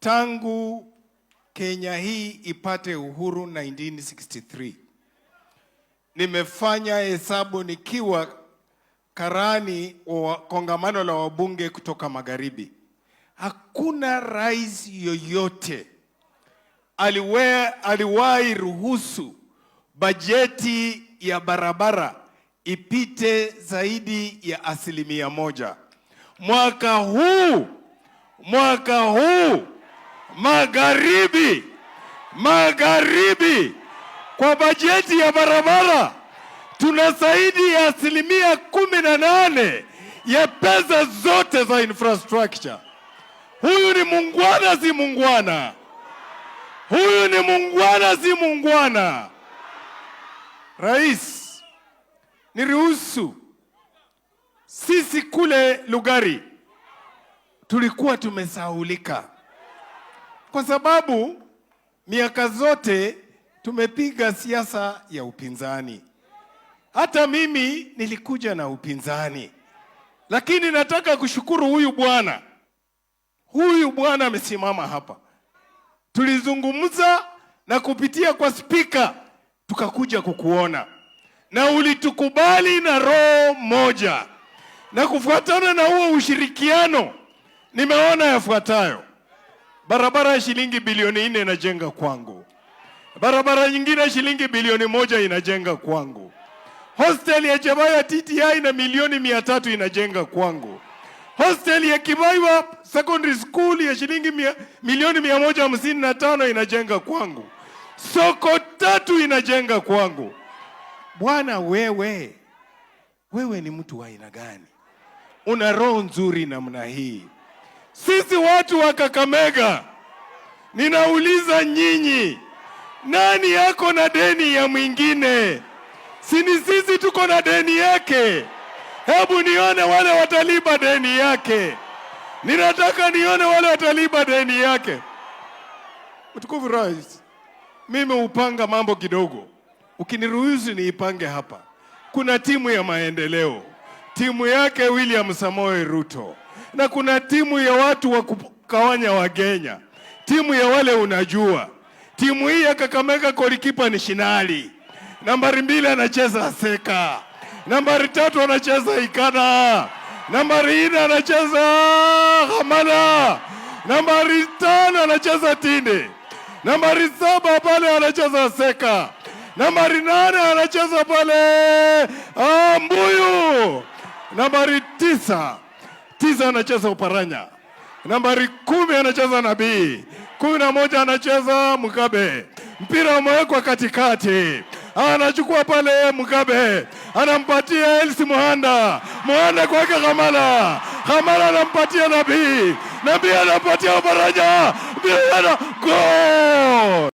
tangu Kenya hii ipate uhuru 1963. Nimefanya hesabu nikiwa karani wa kongamano la wabunge kutoka magharibi. Hakuna rais yoyote aliwahi ruhusu bajeti ya barabara ipite zaidi ya asilimia moja. Mwaka huu mwaka huu magharibi, magharibi. Kwa bajeti ya barabara tuna zaidi ya asilimia kumi na nane ya pesa zote za infrastructure. Huyu ni mungwana, si mungwana? Huyu ni mungwana, si mungwana? Rais, niruhusu sisi kule Lugari tulikuwa tumesahulika kwa sababu miaka zote tumepiga siasa ya upinzani. Hata mimi nilikuja na upinzani, lakini nataka kushukuru huyu bwana, huyu bwana amesimama hapa, tulizungumza na kupitia kwa spika tukakuja kukuona na ulitukubali na roho moja, na kufuatana na huo ushirikiano nimeona yafuatayo barabara ya shilingi bilioni nne inajenga kwangu, barabara nyingine shilingi bilioni moja inajenga kwangu, hostel ya Chebaya TTI na milioni mia tatu inajenga kwangu, hostel ya Kibaiwa Secondary School ya shilingi mia, milioni mia moja hamsini na tano inajenga kwangu, soko tatu inajenga kwangu. Bwana wewe, wewe ni mtu wa aina gani? Una roho nzuri namna hii? Sisi watu wa Kakamega, ninauliza nyinyi, nani yako na deni ya mwingine? Sini sisi tuko na deni yake. Hebu nione wale watalipa deni yake. Ninataka nione wale watalipa deni yake. Mtukufu Rais, mimi hupanga mambo kidogo, ukiniruhusu niipange hapa. Kuna timu ya maendeleo, timu yake William Samoei Ruto na kuna timu ya watu wa kukawanya Wakenya, timu ya wale unajua. Timu hii ya Kakamega kolikipa ni Shinali, nambari mbili anacheza Seka, nambari tatu anacheza Ikana, nambari nne anacheza hamana nambari tano anacheza Tinde, nambari saba pale anacheza Seka, nambari nane anacheza pale ah, Mbuyu, nambari tisa tisa anacheza uparanya, nambari kumi anacheza nabii, kumi na moja anacheza mkabe Mpira umewekwa katikati, anachukua pale mkabe anampatia Elsi Muhanda, Muhanda kwake Kamala, Kamala anampatia nabii, nabii anampatia uparanya, mpira gol